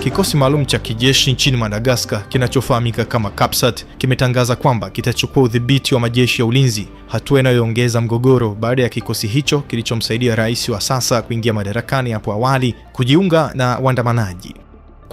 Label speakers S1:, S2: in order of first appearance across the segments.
S1: Kikosi maalum cha kijeshi nchini Madagaskar kinachofahamika kama CAPSAT kimetangaza kwamba kitachukua udhibiti wa majeshi ya ulinzi, hatua inayoongeza mgogoro baada ya kikosi hicho kilichomsaidia rais wa sasa kuingia madarakani hapo awali kujiunga na waandamanaji.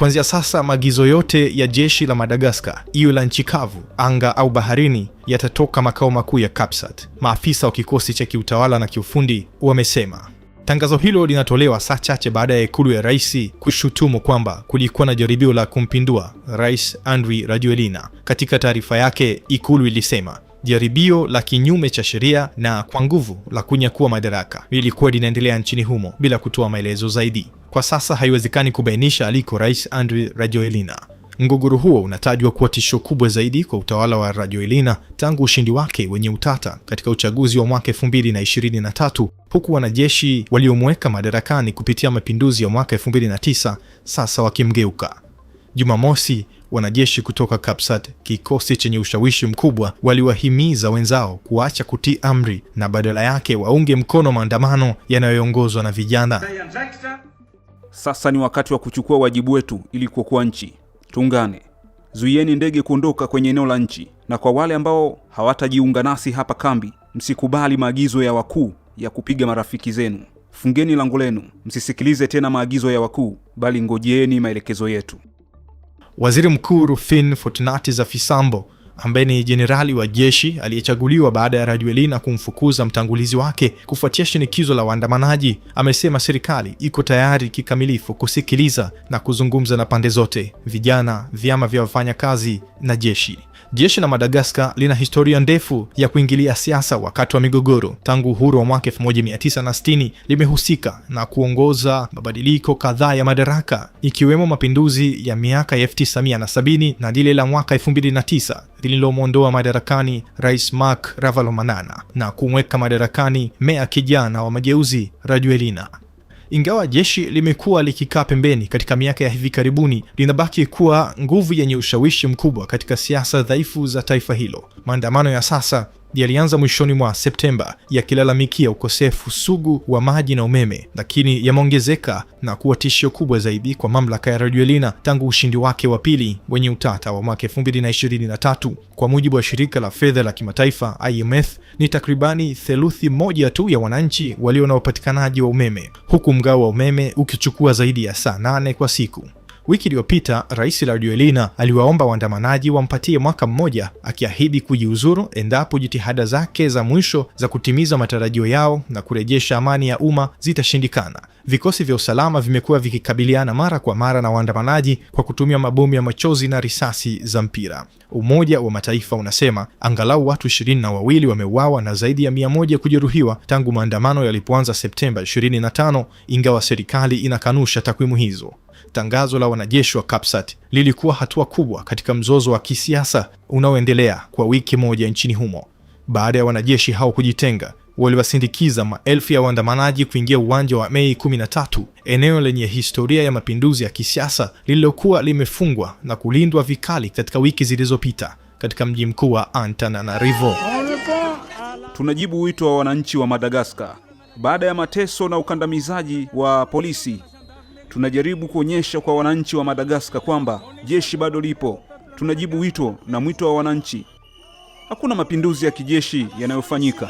S1: Kuanzia sasa maagizo yote ya jeshi la Madagaskar, iwe la nchi kavu, anga au baharini, yatatoka makao makuu ya Kapsat, maafisa wa kikosi cha kiutawala na kiufundi wamesema. Tangazo hilo linatolewa saa chache baada ya ikulu ya rais kushutumu kwamba kulikuwa na jaribio la kumpindua rais Andry Rajoelina. Katika taarifa yake, ikulu ilisema jaribio la kinyume cha sheria na kwa nguvu la kunyakua madaraka lilikuwa linaendelea nchini humo bila kutoa maelezo zaidi. Kwa sasa haiwezekani kubainisha aliko Rais Andry Rajoelina. Mgogoro huo unatajwa kuwa tisho kubwa zaidi kwa utawala wa Rajoelina tangu ushindi wake wenye utata katika uchaguzi wa mwaka tatu huku wanajeshi waliomweka madarakani kupitia mapinduzi ya mwaka 2009 sasa wakimgeuka. Jumamosi, wanajeshi kutoka Kapsat, kikosi chenye ushawishi mkubwa, waliwahimiza wenzao kuacha kutii amri na badala yake waunge mkono maandamano yanayoongozwa na vijana. Sasa ni wakati wa kuchukua wajibu wetu ili kuokoa nchi. Tuungane, zuieni ndege kuondoka kwenye eneo la nchi, na kwa wale ambao hawatajiunga nasi hapa kambi, msikubali maagizo ya wakuu ya kupiga marafiki zenu. Fungeni lango lenu, msisikilize tena maagizo ya wakuu, bali ngojeeni maelekezo yetu.
S2: Waziri Mkuu Rufin Fortunati Afisambo ambaye ni jenerali wa jeshi aliyechaguliwa baada ya Rajoelina kumfukuza mtangulizi wake kufuatia shinikizo la waandamanaji, amesema serikali iko tayari kikamilifu kusikiliza na kuzungumza na pande zote: vijana, vyama vya wafanyakazi na jeshi. Jeshi la Madagaskar lina historia ndefu ya kuingilia siasa wakati wa migogoro. Tangu uhuru wa mwaka 1960 limehusika na kuongoza mabadiliko kadhaa ya madaraka, ikiwemo mapinduzi ya miaka 1970 na lile la mwaka 2009 lililomwondoa madarakani Rais Marc Ravalomanana na kumweka madarakani meya kijana wa Mageuzi Rajoelina. Ingawa jeshi limekuwa likikaa pembeni katika miaka ya hivi karibuni, linabaki kuwa nguvu yenye ushawishi mkubwa katika siasa dhaifu za taifa hilo. Maandamano ya sasa yalianza mwishoni mwa Septemba yakilalamikia ukosefu sugu wa maji na umeme, lakini yameongezeka na kuwa tishio kubwa zaidi kwa mamlaka ya Rajoelina tangu ushindi wake wa pili wenye utata wa mwaka 2023. Kwa mujibu wa shirika la fedha la kimataifa IMF, ni takribani theluthi moja tu ya wananchi walio na upatikanaji wa umeme, huku mgao wa umeme ukichukua zaidi ya saa nane kwa siku. Wiki iliyopita Rais Rajoelina aliwaomba waandamanaji wampatie mwaka mmoja, akiahidi kujiuzuru endapo jitihada zake za mwisho za kutimiza matarajio yao na kurejesha amani ya umma zitashindikana. Vikosi vya usalama vimekuwa vikikabiliana mara kwa mara na waandamanaji kwa kutumia mabomu ya machozi na risasi za mpira. Umoja wa Mataifa unasema angalau watu ishirini na wawili wameuawa na zaidi ya mia moja kujeruhiwa tangu maandamano yalipoanza Septemba 25, ingawa serikali inakanusha takwimu hizo. Tangazo la wanajeshi wa Kapsat lilikuwa hatua kubwa katika mzozo wa kisiasa unaoendelea kwa wiki moja nchini humo. Baada ya wanajeshi hao kujitenga, waliwasindikiza maelfu ya waandamanaji kuingia uwanja wa Mei 13, eneo lenye historia ya mapinduzi ya kisiasa lililokuwa limefungwa na kulindwa vikali katika wiki zilizopita katika mji mkuu wa Antananarivo.
S3: Tunajibu wito wa wananchi wa Madagaskar baada ya mateso na ukandamizaji wa polisi Tunajaribu kuonyesha kwa wananchi wa Madagaskar kwamba jeshi bado lipo. Tunajibu wito na mwito wa wananchi. Hakuna mapinduzi ya kijeshi yanayofanyika.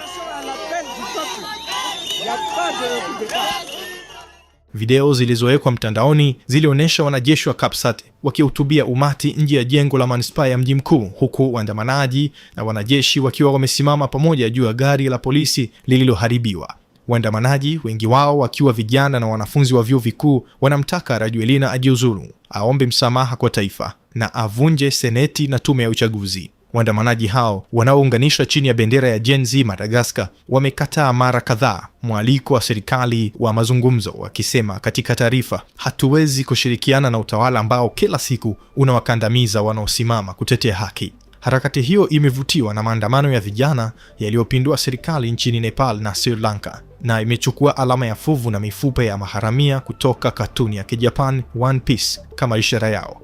S2: Video zilizowekwa mtandaoni zilionyesha wanajeshi wa Kapsat wakihutubia umati nje ya jengo la manispaa ya mji mkuu, huku waandamanaji na wanajeshi wakiwa wamesimama pamoja juu ya gari la polisi lililoharibiwa. Waandamanaji wengi wao wakiwa vijana na wanafunzi wa vyuo vikuu wanamtaka Rajoelina ajiuzulu, aombe msamaha kwa taifa na avunje seneti na tume ya uchaguzi. Waandamanaji hao wanaounganishwa chini ya bendera ya Gen Z Madagascar wamekataa mara kadhaa mwaliko wa serikali wa mazungumzo, wakisema katika taarifa, hatuwezi kushirikiana na utawala ambao kila siku unawakandamiza wanaosimama kutetea haki. Harakati hiyo imevutiwa na maandamano ya vijana yaliyopindua serikali nchini Nepal na Sri Lanka na imechukua alama ya fuvu na mifupa ya maharamia kutoka katuni ya Kijapan One Piece kama ishara yao.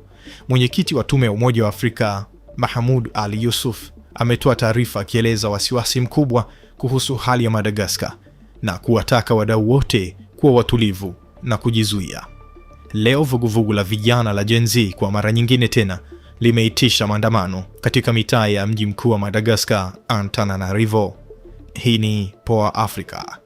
S2: Mwenyekiti wa tume ya Umoja wa Afrika Mahamud Ali Yusuf ametoa taarifa akieleza wasiwasi mkubwa kuhusu hali ya Madagaskar na kuwataka wadau wote kuwa watulivu na kujizuia. Leo vuguvugu la vijana la Gen Z kwa mara nyingine tena limeitisha maandamano katika mitaa ya mji mkuu wa Madagaskar, Antananarivo. Hii ni Poa Africa.